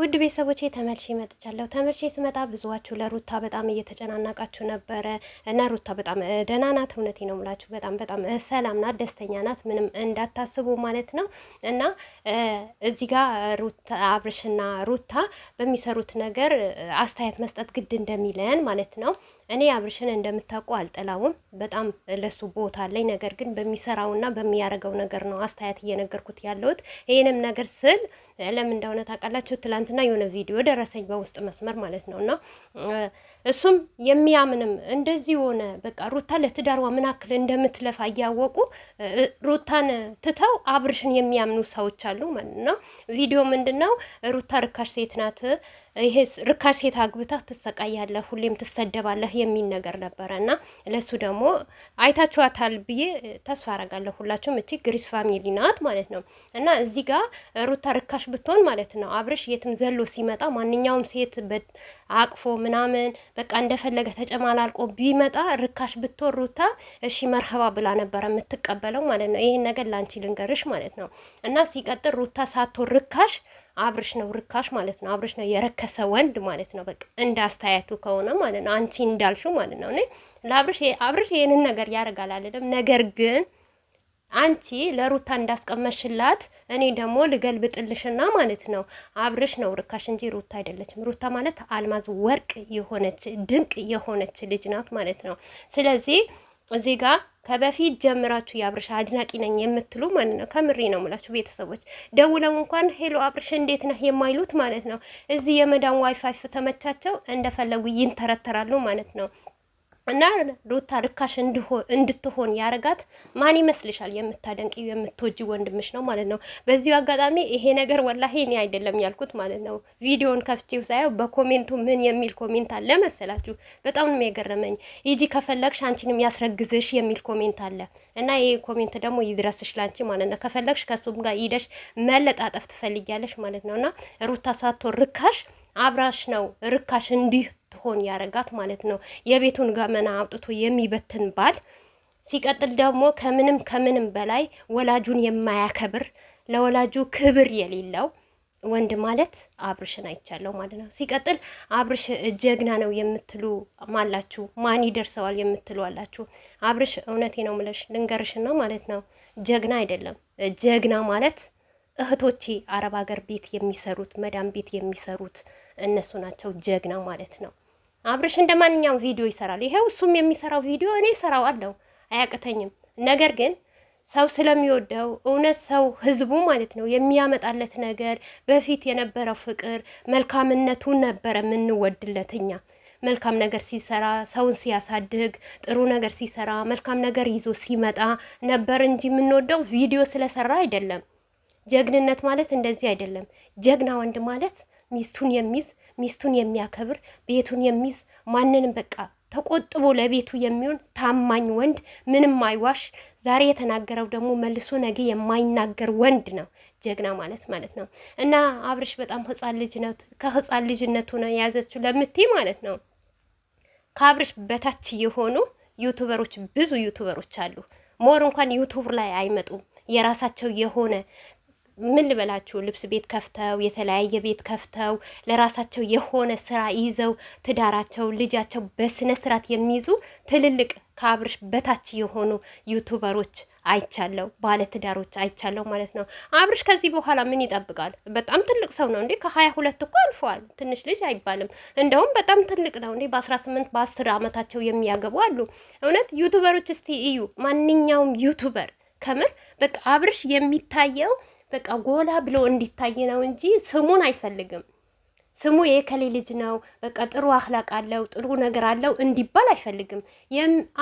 ውድ ቤተሰቦቼ ተመልሼ መጥቻለሁ። ተመልሼ ስመጣ ብዙዋችሁ ለሩታ በጣም እየተጨናናቃችሁ ነበረ እና ሩታ በጣም ደህና ናት። እውነቴ ነው የምላችሁ በጣም በጣም ሰላም ናት፣ ደስተኛ ናት። ምንም እንዳታስቡ ማለት ነው። እና እዚህ ጋር ሩታ አብርሽና ሩታ በሚሰሩት ነገር አስተያየት መስጠት ግድ እንደሚለን ማለት ነው። እኔ አብርሽን እንደምታውቁ አልጠላውም። በጣም ለሱ ቦታ አለኝ። ነገር ግን በሚሰራውና በሚያደርገው ነገር ነው አስተያየት እየነገርኩት ያለሁት። ይህንም ነገር ስል ለምን እንደሆነ ታውቃላችሁ። ትላንትና የሆነ ቪዲዮ ደረሰኝ በውስጥ መስመር ማለት ነው እና እሱም የሚያምንም እንደዚህ የሆነ በቃ ሩታ ለትዳርዋ ምን ያክል እንደምትለፋ እያወቁ ሩታን ትተው አብርሽን የሚያምኑ ሰዎች አሉ ማለት ነው። ቪዲዮ ምንድን ነው ሩታ ርካሽ ሴት ናት ይሄ ርካሽ ሴት አግብተህ ትሰቃያለህ፣ ሁሌም ትሰደባለህ የሚል ነገር ነበረ እና ለሱ ደግሞ አይታችኋታል ብዬ ተስፋ አረጋለሁ። ሁላችሁም እቺ ግሪስ ፋሚሊ ናት ማለት ነው እና እዚህ ጋር ሩታ ርካሽ ብትሆን ማለት ነው አብርሽ የትም ዘሎ ሲመጣ ማንኛውም ሴት አቅፎ ምናምን በቃ እንደፈለገ ተጨማላልቆ ቢመጣ ርካሽ ብትሆን ሩታ እሺ መርሀባ ብላ ነበረ የምትቀበለው ማለት ነው። ይህን ነገር ላንቺ ልንገርሽ ማለት ነው እና ሲቀጥል ሩታ ሳቶ ርካሽ አብርሽ ነው ርካሽ ማለት ነው። አብርሽ ነው የረከሰ ወንድ ማለት ነው። በቃ እንደ አስተያየቱ ከሆነ ማለት ነው፣ አንቺ እንዳልሽው ማለት ነው። እኔ ለአብርሽ አብርሽ ይህንን ነገር ያደርጋል አይደለም። ነገር ግን አንቺ ለሩታ እንዳስቀመሽላት እኔ ደግሞ ልገልብጥልሽና ማለት ነው። አብርሽ ነው ርካሽ እንጂ ሩታ አይደለችም። ሩታ ማለት አልማዝ ወርቅ የሆነች ድንቅ የሆነች ልጅ ናት ማለት ነው። ስለዚህ እዚህ ጋር ከበፊት ጀምራችሁ የአብርሽ አድናቂ ነኝ የምትሉ ማለት ነው። ከምሬ ነው የምላችሁ ቤተሰቦች፣ ደውለው እንኳን ሄሎ አብርሽ እንዴት ነህ የማይሉት ማለት ነው። እዚህ የመዳን ዋይፋይ ተመቻቸው፣ እንደፈለጉ ይንተረተራሉ ማለት ነው። እና ሩታ ርካሽ እንድትሆን ያረጋት ማን ይመስልሻል? የምታደንቂ የምትወጂ ወንድምሽ ነው ማለት ነው። በዚሁ አጋጣሚ ይሄ ነገር ወላሂ እኔ አይደለም ያልኩት ማለት ነው። ቪዲዮን ከፍቼው ሳየው በኮሜንቱ ምን የሚል ኮሜንት አለ መሰላችሁ? በጣም ነው የገረመኝ። ሂጂ ከፈለግሽ አንቺንም ያስረግዝሽ የሚል ኮሜንት አለ እና ይሄ ኮሜንት ደግሞ ይድረስሽ ላንቺ ማለት ነው። ከፈለግሽ ከሱም ጋር ሂደሽ መለጣጠፍ ትፈልጊያለሽ ማለት ነው። እና ሩታ ሳቶ ርካሽ አብራሽ ነው ርካሽ እንዲህ እንድትሆን ያረጋት ማለት ነው። የቤቱን ገመና አውጥቶ የሚበትን ባል ሲቀጥል ደግሞ ከምንም ከምንም በላይ ወላጁን የማያከብር ለወላጁ ክብር የሌለው ወንድ ማለት አብርሽን አይቻለሁ ማለት ነው። ሲቀጥል አብርሽ ጀግና ነው የምትሉ ማላችሁ፣ ማን ይደርሰዋል የምትሉ አላችሁ። አብርሽ እውነቴ ነው ምለሽ ልንገርሽና ማለት ነው ጀግና አይደለም። ጀግና ማለት እህቶቼ አረብ ሀገር ቤት የሚሰሩት መዳም ቤት የሚሰሩት እነሱ ናቸው ጀግና ማለት ነው። አብርሽ እንደ ማንኛውም ቪዲዮ ይሰራል። ይሄው እሱም የሚሰራው ቪዲዮ እኔ ሰራው አለው አያቅተኝም። ነገር ግን ሰው ስለሚወደው እውነት ሰው ህዝቡ ማለት ነው የሚያመጣለት ነገር በፊት የነበረው ፍቅር መልካምነቱ ነበረ የምንወድለት እኛ መልካም ነገር ሲሰራ ሰውን ሲያሳድግ ጥሩ ነገር ሲሰራ መልካም ነገር ይዞ ሲመጣ ነበር እንጂ የምንወደው ቪዲዮ ስለሰራ አይደለም። ጀግንነት ማለት እንደዚህ አይደለም። ጀግና ወንድ ማለት ሚስቱን የሚይዝ ሚስቱን የሚያከብር ቤቱን የሚይዝ ማንንም በቃ ተቆጥቦ ለቤቱ የሚሆን ታማኝ ወንድ፣ ምንም አይዋሽ። ዛሬ የተናገረው ደግሞ መልሶ ነገ የማይናገር ወንድ ነው ጀግና ማለት ማለት ነው። እና አብርሽ በጣም ህፃን ልጅ ነው። ከህፃን ልጅነቱ ነው የያዘችው ለምትይ ማለት ነው። ከአብርሽ በታች የሆኑ ዩቱበሮች ብዙ ዩቱበሮች አሉ። ሞር እንኳን ዩቱብ ላይ አይመጡም። የራሳቸው የሆነ ምን ልበላችሁ ልብስ ቤት ከፍተው የተለያየ ቤት ከፍተው ለራሳቸው የሆነ ስራ ይዘው ትዳራቸው ልጃቸው በስነ ስርዓት የሚይዙ ትልልቅ ከአብርሽ በታች የሆኑ ዩቱበሮች አይቻለው፣ ባለ ትዳሮች አይቻለው ማለት ነው። አብርሽ ከዚህ በኋላ ምን ይጠብቃል? በጣም ትልቅ ሰው ነው እንዴ! ከሀያ ሁለት እኮ አልፈዋል። ትንሽ ልጅ አይባልም። እንደውም በጣም ትልቅ ነው እንዴ! በአስራ ስምንት በአስር አመታቸው የሚያገቡ አሉ። እውነት ዩቱበሮች እስቲ እዩ፣ ማንኛውም ዩቱበር ከምር በቃ አብርሽ የሚታየው በቃ ጎላ ብሎ እንዲታይ ነው እንጂ ስሙን አይፈልግም። ስሙ የከሌ ልጅ ነው፣ በቃ ጥሩ አክላቅ አለው፣ ጥሩ ነገር አለው እንዲባል አይፈልግም።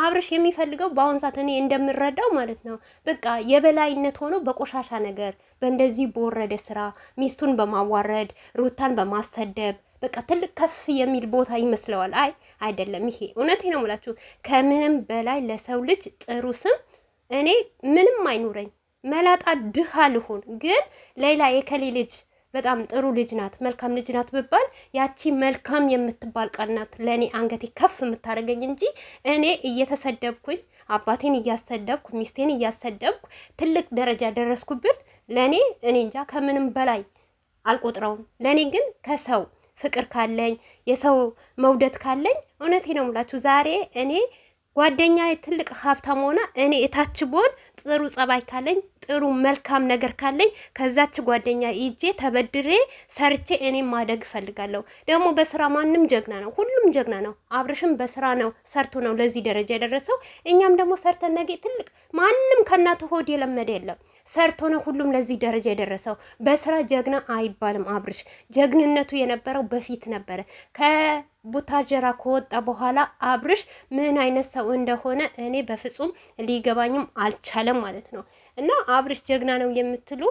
አብርሽ የሚፈልገው በአሁን ሰዓት እኔ እንደምረዳው ማለት ነው በቃ የበላይነት ሆኖ በቆሻሻ ነገር፣ በእንደዚህ በወረደ ስራ፣ ሚስቱን በማዋረድ ሩታን በማሰደብ በቃ ትልቅ ከፍ የሚል ቦታ ይመስለዋል። አይ አይደለም፣ ይሄ እውነቴ ነው የምላችሁ። ከምንም በላይ ለሰው ልጅ ጥሩ ስም እኔ ምንም አይኑረኝ መላጣ ድሃ ልሁን፣ ግን ሌላ የከሌ ልጅ በጣም ጥሩ ልጅ ናት፣ መልካም ልጅ ናት ብባል ያቺ መልካም የምትባል ቀናት ለእኔ አንገቴ ከፍ የምታደርገኝ እንጂ እኔ እየተሰደብኩኝ አባቴን እያሰደብኩ ሚስቴን እያሰደብኩ ትልቅ ደረጃ ደረስኩብን። ለእኔ እኔ እንጃ ከምንም በላይ አልቆጥረውም። ለእኔ ግን ከሰው ፍቅር ካለኝ የሰው መውደድ ካለኝ እውነቴ ነው ምላችሁ ዛሬ እኔ ጓደኛ ትልቅ ሀብታም ሆና እኔ እታች ብሆን ጥሩ ጸባይ ካለኝ ጥሩ መልካም ነገር ካለኝ ከዛች ጓደኛ ይጄ ተበድሬ ሰርቼ እኔም ማደግ እፈልጋለሁ። ደግሞ በስራ ማንም ጀግና ነው፣ ሁሉም ጀግና ነው። አብርሽም በስራ ነው ሰርቶ ነው ለዚህ ደረጃ የደረሰው። እኛም ደግሞ ሰርተን ነገ ትልቅ ማንም ከእናቱ ሆድ የለመደ የለም ሰርቶ ነው ሁሉም ለዚህ ደረጃ የደረሰው። በስራ ጀግና አይባልም። አብርሽ ጀግንነቱ የነበረው በፊት ነበረ ከቡታጀራ ከወጣ በኋላ አብርሽ ምን አይነት ሰው እንደሆነ እኔ በፍጹም ሊገባኝም አልቻለም ማለት ነው። እና አብርሽ ጀግና ነው የምትሉ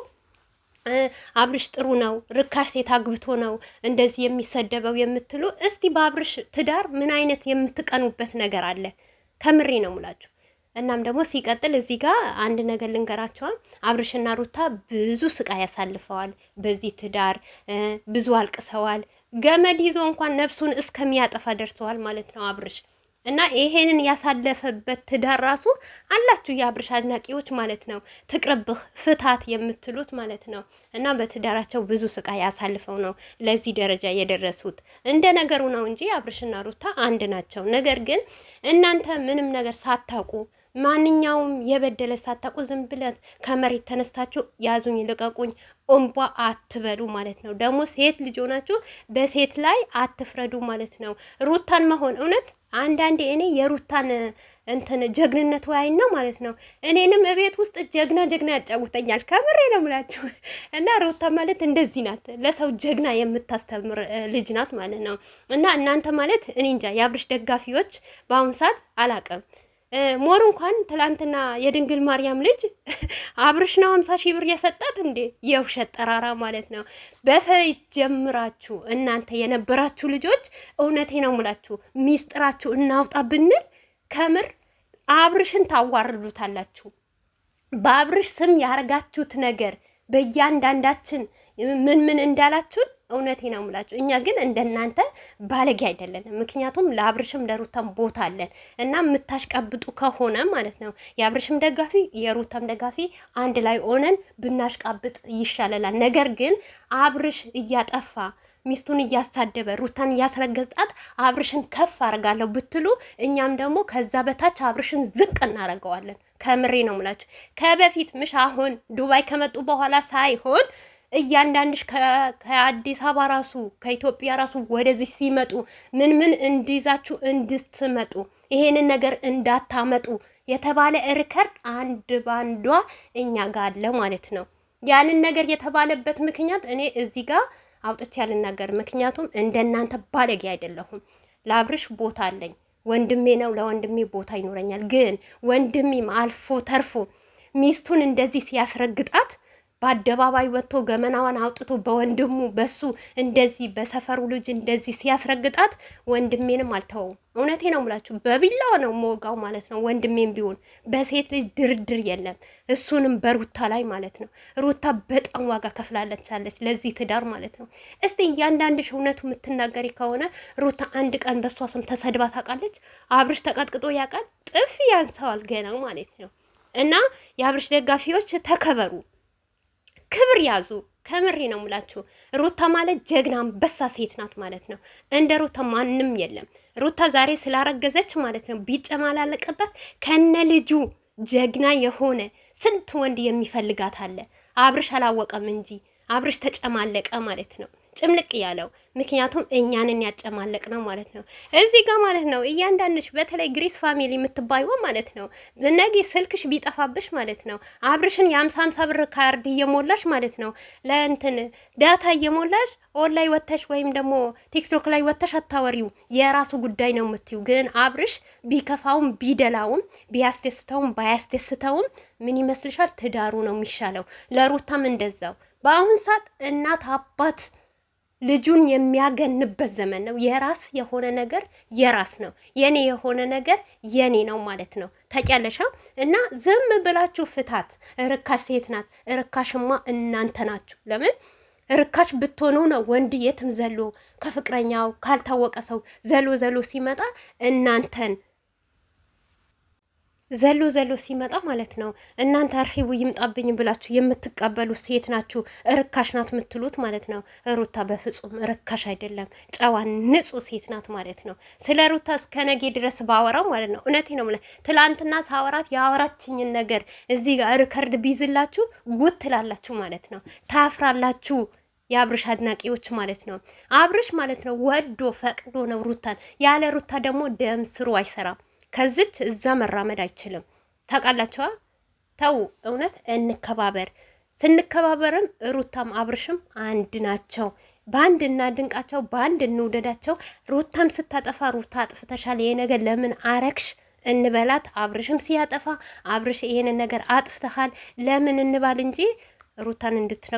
አብርሽ ጥሩ ነው፣ ርካሽ ሴት አግብቶ ነው እንደዚህ የሚሰደበው የምትሉ እስቲ በአብርሽ ትዳር ምን አይነት የምትቀኑበት ነገር አለ? ከምሬ ነው ሙላችሁ። እናም ደግሞ ሲቀጥል እዚህ ጋር አንድ ነገር ልንገራቸዋል። አብርሽና ሩታ ብዙ ስቃይ ያሳልፈዋል። በዚህ ትዳር ብዙ አልቅሰዋል። ገመድ ይዞ እንኳን ነፍሱን እስከሚያጠፋ ደርሰዋል ማለት ነው አብርሽ እና ይሄንን ያሳለፈበት ትዳር ራሱ አላችሁ የአብርሽ አዝናቂዎች ማለት ነው። ትቅርብህ ፍታት የምትሉት ማለት ነው። እና በትዳራቸው ብዙ ስቃይ ያሳልፈው ነው ለዚህ ደረጃ የደረሱት። እንደ ነገሩ ነው እንጂ አብርሽና ሩታ አንድ ናቸው። ነገር ግን እናንተ ምንም ነገር ሳታውቁ ማንኛውም የበደለ ሳታውቁ ዝም ብለት ከመሬት ተነስታችሁ ያዙኝ ልቀቁኝ ኦምቧ አትበሉ ማለት ነው። ደግሞ ሴት ልጅ ሆናችሁ በሴት ላይ አትፍረዱ ማለት ነው። ሩታን መሆን እውነት አንዳንዴ እኔ የሩታን እንትን ጀግንነት ነው ማለት ነው። እኔንም እቤት ውስጥ ጀግና ጀግና ያጫውተኛል። ከምሬ ነው ምላችሁ። እና ሩታ ማለት እንደዚህ ናት፣ ለሰው ጀግና የምታስተምር ልጅ ናት ማለት ነው። እና እናንተ ማለት እኔ እንጃ የአብርሽ ደጋፊዎች በአሁኑ ሰዓት አላቅም ሞር እንኳን ትላንትና የድንግል ማርያም ልጅ አብርሽ ነው ሀምሳ ሺህ ብር የሰጣት እንዴ? የውሸት ጠራራ ማለት ነው። በፊት ጀምራችሁ እናንተ የነበራችሁ ልጆች እውነቴ ነው ሙላችሁ ሚስጥራችሁ እናውጣ ብንል ከምር አብርሽን ታዋርዱታላችሁ። በአብርሽ ስም ያረጋችሁት ነገር በእያንዳንዳችን ምን ምን እንዳላችሁን እውነቴ ነው የምላቸው። እኛ ግን እንደናንተ ባለጌ አይደለንም። ምክንያቱም ለአብርሽም ለሩታም ቦታ አለን እና የምታሽቀብጡ ከሆነ ማለት ነው የአብርሽም ደጋፊ የሩታም ደጋፊ አንድ ላይ ሆነን ብናሽቃብጥ ይሻለላል። ነገር ግን አብርሽ እያጠፋ ሚስቱን እያስታደበ ሩታን እያስረገጣት አብርሽን ከፍ አርጋለሁ ብትሉ እኛም ደግሞ ከዛ በታች አብርሽን ዝቅ እናደርገዋለን። ከምሬ ነው የምላችሁ ከበፊት ምሽ አሁን ዱባይ ከመጡ በኋላ ሳይሆን እያንዳንድሽ ከአዲስ አበባ ራሱ ከኢትዮጵያ ራሱ ወደዚህ ሲመጡ ምን ምን እንዲይዛችሁ እንድትመጡ ይሄንን ነገር እንዳታመጡ የተባለ ሪከርድ አንድ ባንዷ እኛ ጋር አለ ማለት ነው። ያንን ነገር የተባለበት ምክንያት እኔ እዚህ ጋር አውጥቼ ያልናገር፣ ምክንያቱም እንደናንተ ባለጌ አይደለሁም። ለአብርሽ ቦታ አለኝ፣ ወንድሜ ነው፣ ለወንድሜ ቦታ ይኖረኛል። ግን ወንድሜም አልፎ ተርፎ ሚስቱን እንደዚህ ሲያስረግጣት በአደባባይ ወጥቶ ገመናዋን አውጥቶ በወንድሙ በሱ እንደዚህ በሰፈሩ ልጅ እንደዚህ ሲያስረግጣት ወንድሜንም አልተወውም። እውነቴ ነው ምላችሁ፣ በቢላዋ ነው መወጋው ማለት ነው። ወንድሜም ቢሆን በሴት ልጅ ድርድር የለም። እሱንም በሩታ ላይ ማለት ነው። ሩታ በጣም ዋጋ ከፍላለቻለች ለዚህ ትዳር ማለት ነው። እስቲ እያንዳንድሽ እውነቱ የምትናገሪ ከሆነ ሩታ አንድ ቀን በእሷ ስም ተሰድባ ታውቃለች? አብርሽ ተቀጥቅጦ ያውቃል? ጥፍ ያንሰዋል ገና ማለት ነው። እና የአብርሽ ደጋፊዎች ተከበሩ። ክብር ያዙ። ከምሬ ነው ሙላችሁ። ሩታ ማለት ጀግና አንበሳ ሴት ናት ማለት ነው። እንደ ሩታ ማንም የለም። ሩታ ዛሬ ስላረገዘች ማለት ነው ቢጨማላለቅበት ከነ ልጁ ጀግና የሆነ ስንት ወንድ የሚፈልጋት አለ። አብርሽ አላወቀም እንጂ አብርሽ ተጨማለቀ ማለት ነው። ጭምልቅ እያለው ምክንያቱም እኛንን ያጨማለቅ ነው ማለት ነው። እዚህ ጋር ማለት ነው እያንዳንድሽ በተለይ ግሬስ ፋሚሊ የምትባይወ ማለት ነው ዝነጊ ስልክሽ ቢጠፋብሽ ማለት ነው አብርሽን የአምሳ አምሳ ብር ካርድ እየሞላሽ ማለት ነው ለእንትን ዳታ እየሞላሽ ኦንላይ ወተሽ ወይም ደግሞ ቲክቶክ ላይ ወተሽ አታወሪው የራሱ ጉዳይ ነው የምትዩ። ግን አብርሽ ቢከፋውም ቢደላውም ቢያስደስተውም ባያስደስተውም ምን ይመስልሻል? ትዳሩ ነው የሚሻለው። ለሩታም እንደዛው በአሁን ሰዓት እናት አባት ልጁን የሚያገንበት ዘመን ነው። የራስ የሆነ ነገር የራስ ነው፣ የኔ የሆነ ነገር የኔ ነው ማለት ነው። ታውቂያለሽ። እና ዝም ብላችሁ ፍታት። ርካሽ ሴት ናት። ርካሽማ እናንተ ናችሁ። ለምን ርካሽ ብትሆኑ ነው ወንድ የትም ዘሎ ከፍቅረኛው ካልታወቀ ሰው ዘሎ ዘሎ ሲመጣ እናንተን ዘሎ ዘሎ ሲመጣ ማለት ነው። እናንተ አርሂቡ ይምጣብኝ ብላችሁ የምትቀበሉ ሴት ናችሁ፣ ርካሽ ናት የምትሉት ማለት ነው። ሩታ በፍጹም ርካሽ አይደለም፣ ጨዋ ንጹህ ሴት ናት ማለት ነው። ስለ ሩታ እስከ ነጌ ድረስ ባወራው ማለት ነው። እውነቴ ነው። ትላንትና ሳወራት የአወራችኝን ነገር እዚህ ጋር ሪከርድ ቢዝላችሁ ጉት ትላላችሁ ማለት ነው። ታፍራላችሁ። የአብርሽ አድናቂዎች ማለት ነው። አብርሽ ማለት ነው ወዶ ፈቅዶ ነው ሩታን። ያለ ሩታ ደግሞ ደም ስሩ አይሰራም። ከዚች እዛ መራመድ አይችልም። ታውቃላችኋ። ተው እውነት እንከባበር። ስንከባበርም ሩታም አብርሽም አንድ ናቸው። በአንድ እናድንቃቸው፣ በአንድ እንውደዳቸው። ሩታም ስታጠፋ ሩታ አጥፍተሻል፣ ይሄ ነገር ለምን አረክሽ እንበላት። አብርሽም ሲያጠፋ አብርሽ ይሄንን ነገር አጥፍተሃል ለምን እንባል እንጂ ሩታን እንድትነ